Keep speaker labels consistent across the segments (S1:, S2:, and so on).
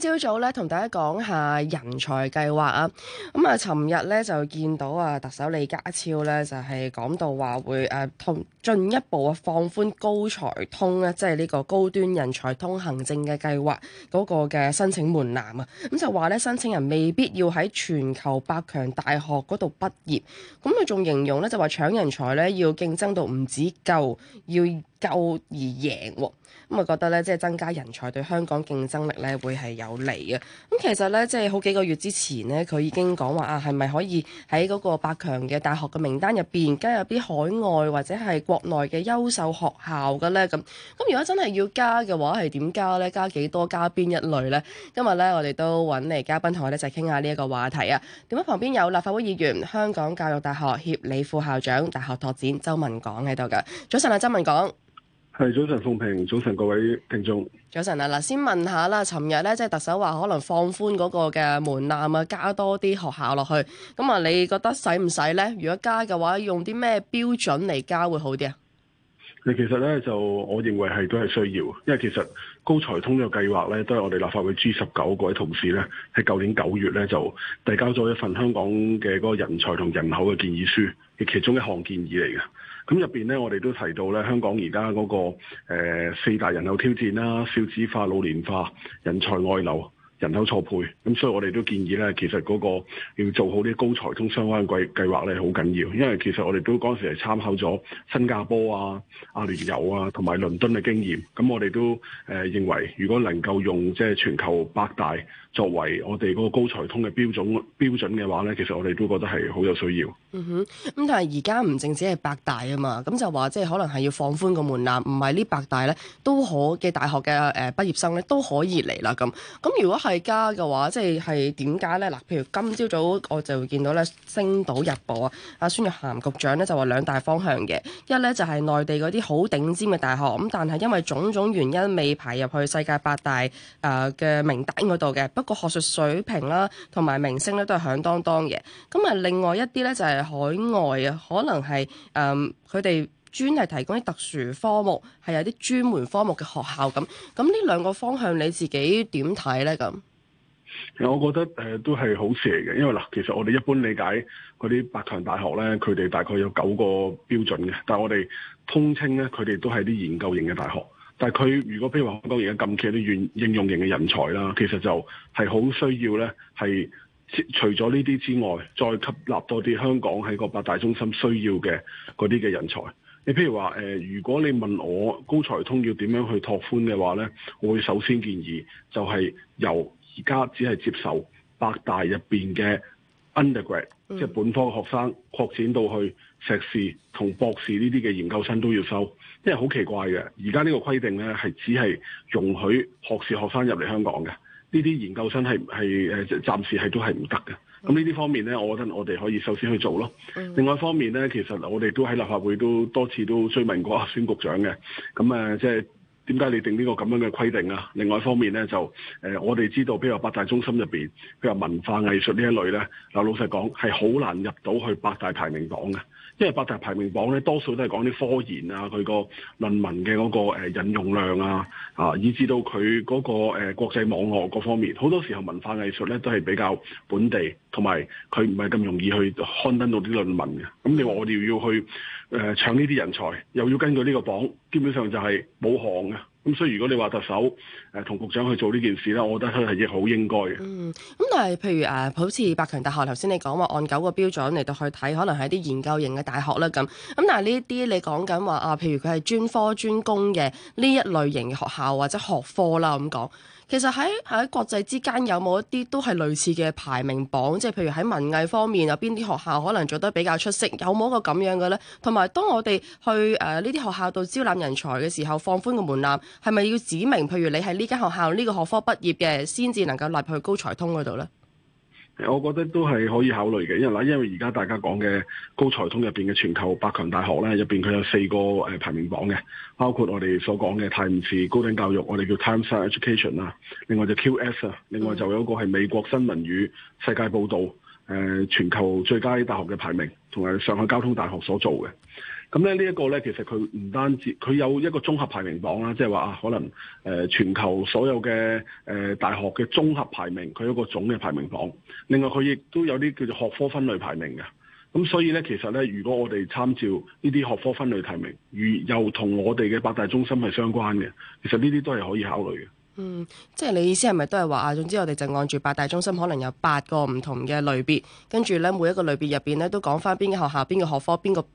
S1: 今朝早咧，同大家講下人才計劃啊！咁、嗯、啊，尋日咧就見到啊，特首李家超咧就係、是、講到話會誒通。呃進一步啊，放寬高才通咧，即係呢個高端人才通行證嘅計劃嗰個嘅申請門檻啊，咁就話咧申請人未必要喺全球百強大學嗰度畢業，咁佢仲形容咧就話搶人才咧要競爭到唔止夠，要夠而贏喎，咁啊覺得咧即係增加人才對香港競爭力咧會係有利嘅，咁其實咧即係好幾個月之前咧佢已經講話啊係咪可以喺嗰個百強嘅大學嘅名單入邊加入啲海外或者係。國內嘅優秀學校嘅咧咁咁，如果真係要加嘅話，係點加咧？加幾多？加邊一類咧？今日咧，我哋都揾嚟嘉賓同我哋一齊傾下呢一個話題啊！點解旁邊有立法會議員，香港教育大學協理副校長，大學拓展周文港喺度㗎？早晨啊，周文港。係早晨，奉平，早晨各位聽眾。早晨啊，嗱，先問下啦，尋日咧即係特首話可能放寬嗰個嘅門檻啊，加多啲學校落去。咁啊，你覺得使唔使咧？如果加嘅話，用啲咩標準嚟加會好啲
S2: 啊？誒，其實咧就我認為係都係需要，因為其實高才通呢個計劃咧，都係我哋立法會 G 十九嗰位同事咧，喺舊年九月咧就遞交咗一份香港嘅嗰個人才同人口嘅建議書，係其中一項建議嚟嘅。咁入邊咧，我哋都提到咧，香港而家嗰個誒、呃、四大人口挑戰啦，少子化、老年化、人才外流。人口錯配，咁所以我哋都建議咧，其實嗰個要做好啲高才通相關嘅計計劃咧，好緊要。因為其實我哋都嗰陣時係參考咗新加坡啊、阿聯酋啊同埋倫敦嘅經驗。咁我哋都誒認為，如果能夠用即係全球百大作為我哋嗰個高才通嘅標準標準嘅話咧，其實我哋都覺得係好有需要。
S1: 嗯哼，咁但係而家唔淨止係百大啊嘛，咁就話即係可能係要放寬個門檻，唔係呢百大咧都可嘅大學嘅誒畢業生咧都可以嚟啦咁。咁如果係而家嘅話，即係係點解呢？嗱，譬如今朝早早我就會見到咧，《星島日報》啊，阿孫玉涵局長咧就話兩大方向嘅，一咧就係、是、內地嗰啲好頂尖嘅大學，咁但係因為種種原因未排入去世界八大誒嘅、呃、名單嗰度嘅。不過學術水平啦，同埋名聲咧都係響噹噹嘅。咁啊，亮亮另外一啲咧就係、是、海外啊，可能係誒佢哋專係提供啲特殊科目，係有啲專門科目嘅學校咁。咁呢兩個方向你自己點睇呢？咁
S2: 其實我覺得誒、呃、都係好事嚟嘅，因為嗱，其實我哋一般理解嗰啲百強大學咧，佢哋大概有九個標準嘅，但係我哋通稱咧，佢哋都係啲研究型嘅大學。但係佢如果譬如話香港而家咁企，啲應用型嘅人才啦，其實就係好需要咧，係除咗呢啲之外，再吸納多啲香港喺個八大中心需要嘅嗰啲嘅人才。你譬如話誒、呃，如果你問我高才通要點樣去拓寬嘅話咧，我會首先建議就係由而家只係接受百大入邊嘅 undergrad、嗯、即係本科學生擴展到去碩士同博士呢啲嘅研究生都要收，因為好奇怪嘅。而家呢個規定呢，係只係容許學士學生入嚟香港嘅，呢啲研究生係係誒，暫時係都係唔得嘅。咁呢啲方面呢，我覺得我哋可以首先去做咯。嗯、另外一方面呢，其實我哋都喺立法會都多次都追問過阿孫局長嘅。咁啊、呃，即係。點解你定呢個咁樣嘅規定啊？另外一方面咧，就誒、呃、我哋知道，譬如話八大中心入邊，譬如文化藝術呢一類咧，嗱，老實講，係好難入到去八大排名榜嘅。即係八大排名榜咧，多數都係講啲科研啊，佢個論文嘅嗰個引用量啊，啊，以至到佢嗰、嗰個誒、呃、國際網絡各方面，好多時候文化藝術咧都係比較本地，同埋佢唔係咁容易去刊登到啲論文嘅。咁你話我哋要去誒、呃、搶呢啲人才，又要根據呢個榜，基本上就係冇行嘅。咁所以如果你話特首誒同局長去做呢件事咧，我覺得佢係亦好應該嘅。
S1: 嗯，咁但係譬如誒，好似百強大學頭先你講話按九個標準嚟到去睇，可能係一啲研究型嘅大學啦咁。咁但係呢啲你講緊話啊，譬如佢係專科專攻嘅呢一類型嘅學校或者學科啦咁講，其實喺喺國際之間有冇一啲都係類似嘅排名榜？即係譬如喺文藝方面有邊啲學校可能做得比較出色？有冇一個咁樣嘅咧？同埋當我哋去誒呢啲學校度招攬人才嘅時候放，放寬個門檻。係咪要指明？譬如你喺呢間學校呢個學科畢業嘅，先至能夠納去高才通嗰度呢？
S2: 我覺得都係可以考慮嘅，因為嗱，因為而家大家講嘅高才通入邊嘅全球百強大學呢，入邊佢有四個誒排名榜嘅，包括我哋所講嘅泰晤士高等教育，我哋叫 Times Education 啦，另外就 QS 啊，另外就有個係美國新聞與世界報導誒全球最佳大學嘅排名，同埋上海交通大學所做嘅。咁咧，呢一個呢，其實佢唔單止佢有一個綜合排名榜啦，即係話啊，可能誒全球所有嘅誒大學嘅綜合排名，佢有一個總嘅排名榜。另外，佢亦都有啲叫做學科分類排名嘅。咁所以呢，其實呢，如果我哋參照呢啲學科分類排名，而又同我哋嘅八大中心係相關嘅，其實呢啲都係可以考慮嘅。嗯，
S1: 即係你意思係咪都係話啊？總之，我哋就按住八大中心，可能有八個唔同嘅類別，跟住呢，每一個類別入邊呢，都講返邊個學校、邊個學科、邊個，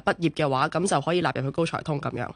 S1: 畢業嘅話，咁就可以納入去高才通咁樣。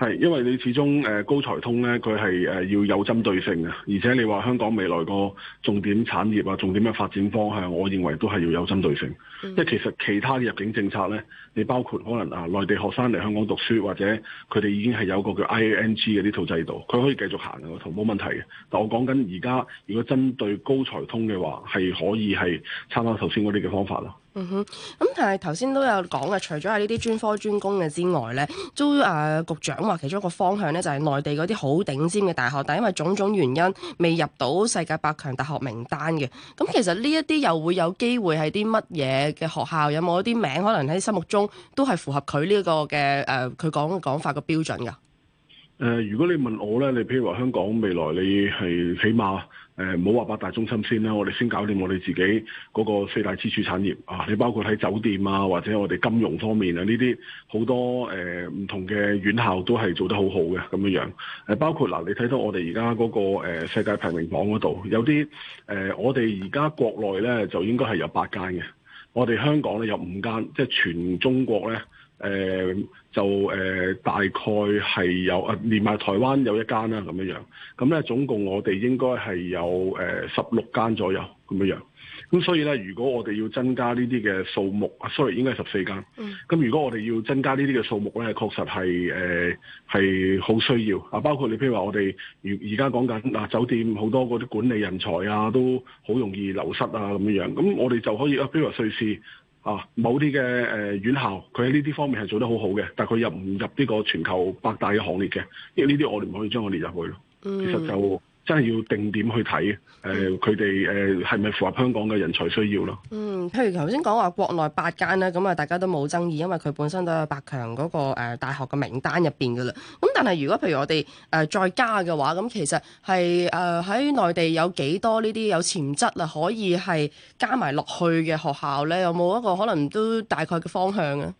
S2: 係，因為你始終誒高才通咧，佢係誒要有針對性嘅，而且你話香港未來個重點產業啊、重點嘅發展方向，我認為都係要有針對性。即係、嗯、其實其他嘅入境政策咧，你包括可能啊內地學生嚟香港讀書，或者佢哋已經係有個叫 I A N G 嘅呢套制度，佢可以繼續行嗰套冇問題嘅。但我講緊而家如果針對高才通嘅話，係可以係參考頭先嗰啲嘅方法啦。嗯
S1: 哼，咁但係頭先都有講嘅，除咗係呢啲專科專攻嘅之外咧，都啊局長。話其中一個方向咧，就係內地嗰啲好頂尖嘅大學，但係因為種種原因未入到世界百強大學名單嘅。咁其實呢一啲又會有機會係啲乜嘢嘅學校？有冇一啲名可能喺心目中都係符合佢呢一個嘅誒，佢講講法個標準噶？
S2: 誒、呃，如果你問我咧，你譬如話香港未來你，你係起碼誒，唔好話八大中心先啦，我哋先搞掂我哋自己嗰個四大支柱產業啊！你包括喺酒店啊，或者我哋金融方面啊，呢啲好多誒唔、呃、同嘅院校都係做得好好嘅咁樣樣。誒、呃，包括嗱、呃，你睇到我哋而家嗰個、呃、世界排名榜嗰度，有啲誒、呃，我哋而家國內咧就應該係有八間嘅，我哋香港咧有五間，即係全中國咧。誒、呃、就誒、呃、大概係有啊，連埋台灣有一間啦，咁樣樣。咁咧總共我哋應該係有誒十六間左右咁樣樣。咁所以咧，如果我哋要增加呢啲嘅數目，sorry，啊，應該係十四間。嗯。咁如果我哋要增加呢啲嘅數目咧，確實係誒係好需要。啊，包括你譬如話我哋，如而家講緊嗱，酒店好多嗰啲管理人才啊，都好容易流失啊，咁樣樣。咁我哋就可以啊，譬如話瑞士。啊，某啲嘅誒院校，佢喺呢啲方面係做得好好嘅，但係佢入唔入呢個全球百大嘅行列嘅？因為呢啲我哋唔可以將佢列入去咯，
S1: 其實就。
S2: 真係要定點去睇嘅，誒佢哋誒係咪符合香港嘅人才需要咯？嗯，
S1: 譬如頭先講話國內八間啦，咁啊大家都冇爭議，因為佢本身都喺百強嗰個、呃、大學嘅名單入邊嘅啦。咁但係如果譬如我哋誒、呃、再加嘅話，咁其實係誒喺內地有幾多呢啲有潛質啊，可以係加埋落去嘅學校咧？有冇一個可能都大概嘅方向啊？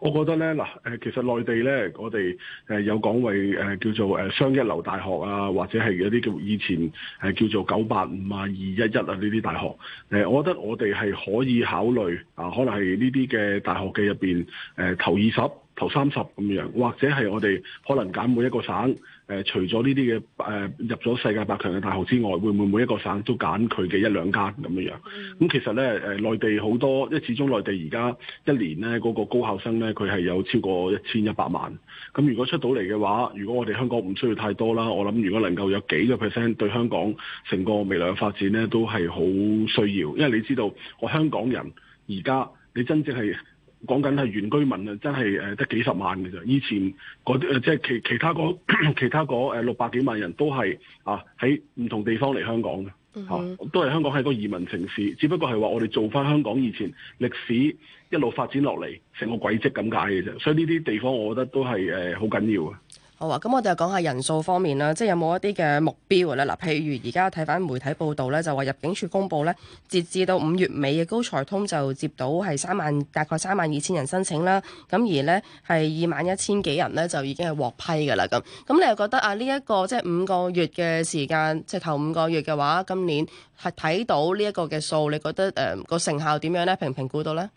S2: 我覺得咧嗱，誒其實內地咧，我哋誒有講為誒叫做誒雙一流大學啊，或者係有啲叫以前誒叫做九八五啊、二一一啊呢啲大學，誒我覺得我哋係可以考慮啊，可能係呢啲嘅大學嘅入邊誒頭二十，頭三十咁樣，或者係我哋可能揀每一個省，誒、呃、除咗呢啲嘅誒入咗世界百強嘅大學之外，會唔會每一個省都揀佢嘅一兩間咁樣？咁其實咧誒、呃，內地好多，即係始終內地而家一年咧嗰、那個高考生咧，佢係有超過一千一百萬。咁如果出到嚟嘅話，如果我哋香港唔需要太多啦，我諗如果能夠有幾個 percent 對香港成個未來嘅發展咧，都係好需要，因為你知道我香港人而家你真正係。講緊係原居民啊，真係誒得幾十萬嘅啫。以前啲誒、呃，即係其其他嗰其他嗰誒六百幾萬人都係啊，喺唔同地方嚟香港嘅嚇、啊，都係香港係個移民城市，只不過係話我哋做翻香港以前歷史一路發展落嚟成個軌跡咁解嘅啫。所以呢啲地方，我覺得都係誒好緊要啊。
S1: 好啊，咁我哋又講下人數方面啦，即係有冇一啲嘅目標啦？嗱，譬如而家睇返媒體報道咧，就話入境處公布咧，截至到五月尾嘅高才通就接到係三萬，大概三萬二千人申請啦。咁而咧係二萬一千幾人咧就已經係獲批㗎喇。咁咁你又覺得啊？呢、這、一個即係五個月嘅時間，即、就、係、是、頭五個月嘅話，今年係睇到呢一個嘅數，你覺得誒個、呃、成效點樣咧？評評估到咧？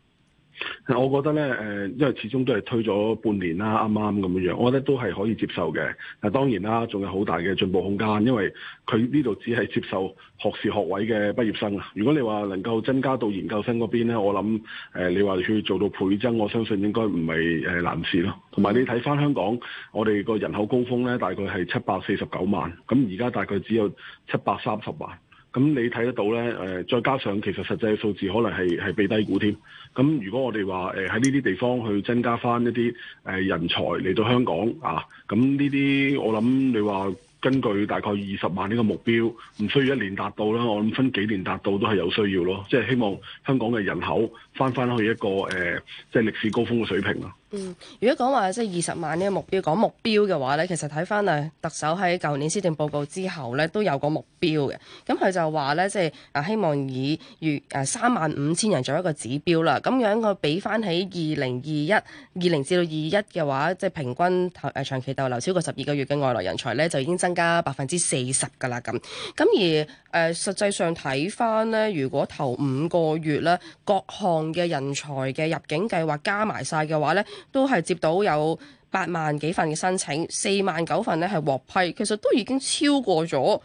S2: 嗱，我覺得咧，誒，因為始終都係推咗半年啦，啱啱咁樣樣，我覺得都係可以接受嘅。嗱，當然啦，仲有好大嘅進步空間，因為佢呢度只係接受學士學位嘅畢業生啊。如果你話能夠增加到研究生嗰邊咧，我諗，誒、呃，你話去做到倍增，我相信應該唔係誒難事咯。同埋你睇翻香港，我哋個人口高峰咧，大概係七百四十九萬，咁而家大概只有七百三十萬。咁你睇得到呢，誒，再加上其實實際數字可能係係被低估添。咁如果我哋話誒喺呢啲地方去增加返一啲誒人才嚟到香港啊，咁呢啲我諗你話根據大概二十萬呢個目標，唔需要一年達到啦，我諗分幾年達到都係有需要咯。即係希望香港嘅人口。翻翻去一個誒、呃，即係歷史高峰嘅水平咯。
S1: 嗯，如果講話即係二十萬呢個目標，講目標嘅話咧，其實睇翻啊，特首喺舊年施政報告之後咧，都有個目標嘅。咁佢就話咧，即係啊，希望以月誒三萬五千人做一個指標啦。咁樣個比翻起二零二一、二零至到二一嘅話，即、就、係、是、平均誒長期逗留超過十二個月嘅外來人才咧，就已經增加百分之四十㗎啦。咁咁而誒、呃、實際上睇翻咧，如果頭五個月咧，各項嘅人才嘅入境計劃加埋晒嘅話呢，都係接到有八萬幾份嘅申請，四萬九份呢係獲批，其實都已經超過咗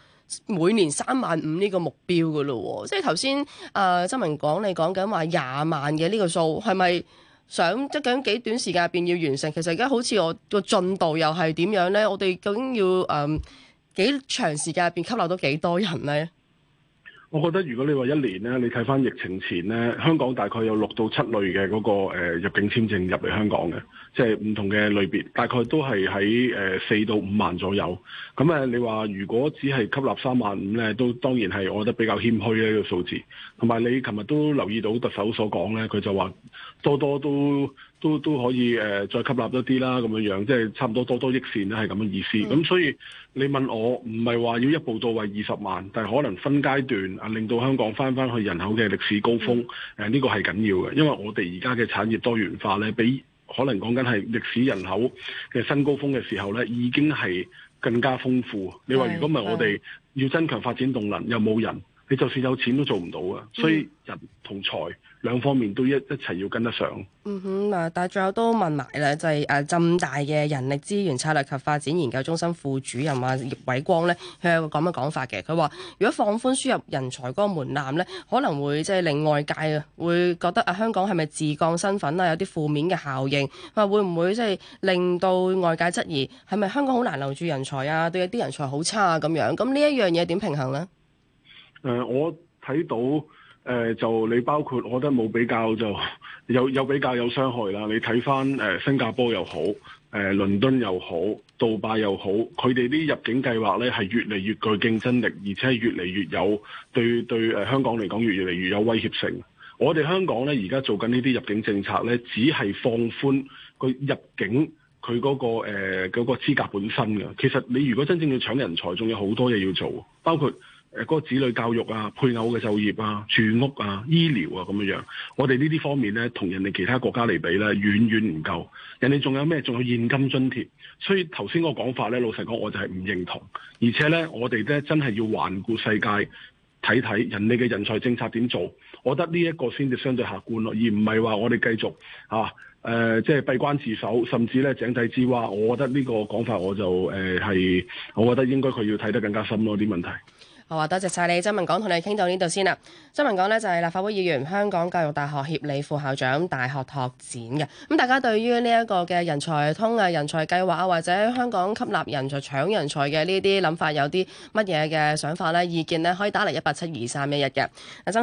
S1: 每年三萬五呢個目標噶咯。即係頭先啊，周文港你講緊話廿萬嘅呢個數，係咪想即係咁幾短時間入邊要完成？其實而家好似我個進度又係點樣呢？我哋究竟要誒、呃、幾長時間入邊吸納到幾多人呢？
S2: 我覺得如果你話一年呢，你睇翻疫情前呢，香港大概有六到七類嘅嗰個、呃、入境簽證入嚟香港嘅，即係唔同嘅類別，大概都係喺誒四到五萬左右。咁誒，你話如果只係吸納三萬五呢，都當然係我覺得比較謙虛嘅一個數字。同埋你琴日都留意到特首所講呢，佢就話多多都。都都可以誒、呃，再吸納一啲啦，咁樣樣，即係差唔多多多益善啦，係咁嘅意思。咁、嗯、所以你問我，唔係話要一步到位二十萬，但係可能分階段啊，令到香港返返去人口嘅歷史高峰。誒、嗯、呢、呃這個係緊要嘅，因為我哋而家嘅產業多元化呢，比可能講緊係歷史人口嘅新高峰嘅時候呢，已經係更加豐富。你話如果唔係我哋要增強發展動能，又冇人。你就算有錢都做唔到啊！所以人同財兩方面都一一齊要跟得上。嗯
S1: 哼啊，但係最後都問埋啦，就係、是、誒浸大嘅人力資源策略及發展研究中心副主任啊葉偉光咧，佢有個咁嘅講法嘅？佢話如果放寬輸入人才嗰個門檻咧，可能會即係令外界啊會覺得啊香港係咪自降身份啊？有啲負面嘅效應，話會唔會即係令到外界質疑係咪香港好難留住人才啊？對，一啲人才好差啊咁樣，咁呢一樣嘢點平衡呢？
S2: 誒、呃，我睇到誒、呃，就你包括，我覺得冇比較就有有，有比較有傷害啦。你睇翻誒新加坡又好，誒倫敦又好，杜拜又好，佢哋啲入境計劃咧係越嚟越具競爭力，而且係越嚟越有對對誒香港嚟講，越嚟越有威脅性。我哋香港咧而家做緊呢啲入境政策咧，只係放寬佢入境佢嗰個誒嗰個資格本身嘅。其實你如果真正要搶人才，仲有好多嘢要做，包括。誒嗰個子女教育啊、配偶嘅就業啊、住屋啊、醫療啊咁樣樣，我哋呢啲方面咧，同人哋其他國家嚟比咧，遠遠唔夠，人哋仲有咩？仲有現金津貼，所以頭先個講法咧，老實講我就係唔認同。而且咧，我哋咧真係要環顧世界睇睇人哋嘅人才政策點做。我覺得呢一個先至相對客觀咯，而唔係話，我哋繼續啊誒即係閉關自守，甚至咧井底之蛙。我覺得呢個講法，我就誒係、呃、我覺得應該佢要睇得更加深咯啲問題。
S1: 好啊，多謝晒你，周文港，同你傾到呢度先啦。周文港呢，就係立法會議員、香港教育大學協理副校長、大學拓展嘅。咁大家對於呢一個嘅人才通啊、人才計劃或者香港吸納人才、搶人才嘅呢啲諗法有啲乜嘢嘅想法呢？意見呢，可以打嚟一八七二三一一嘅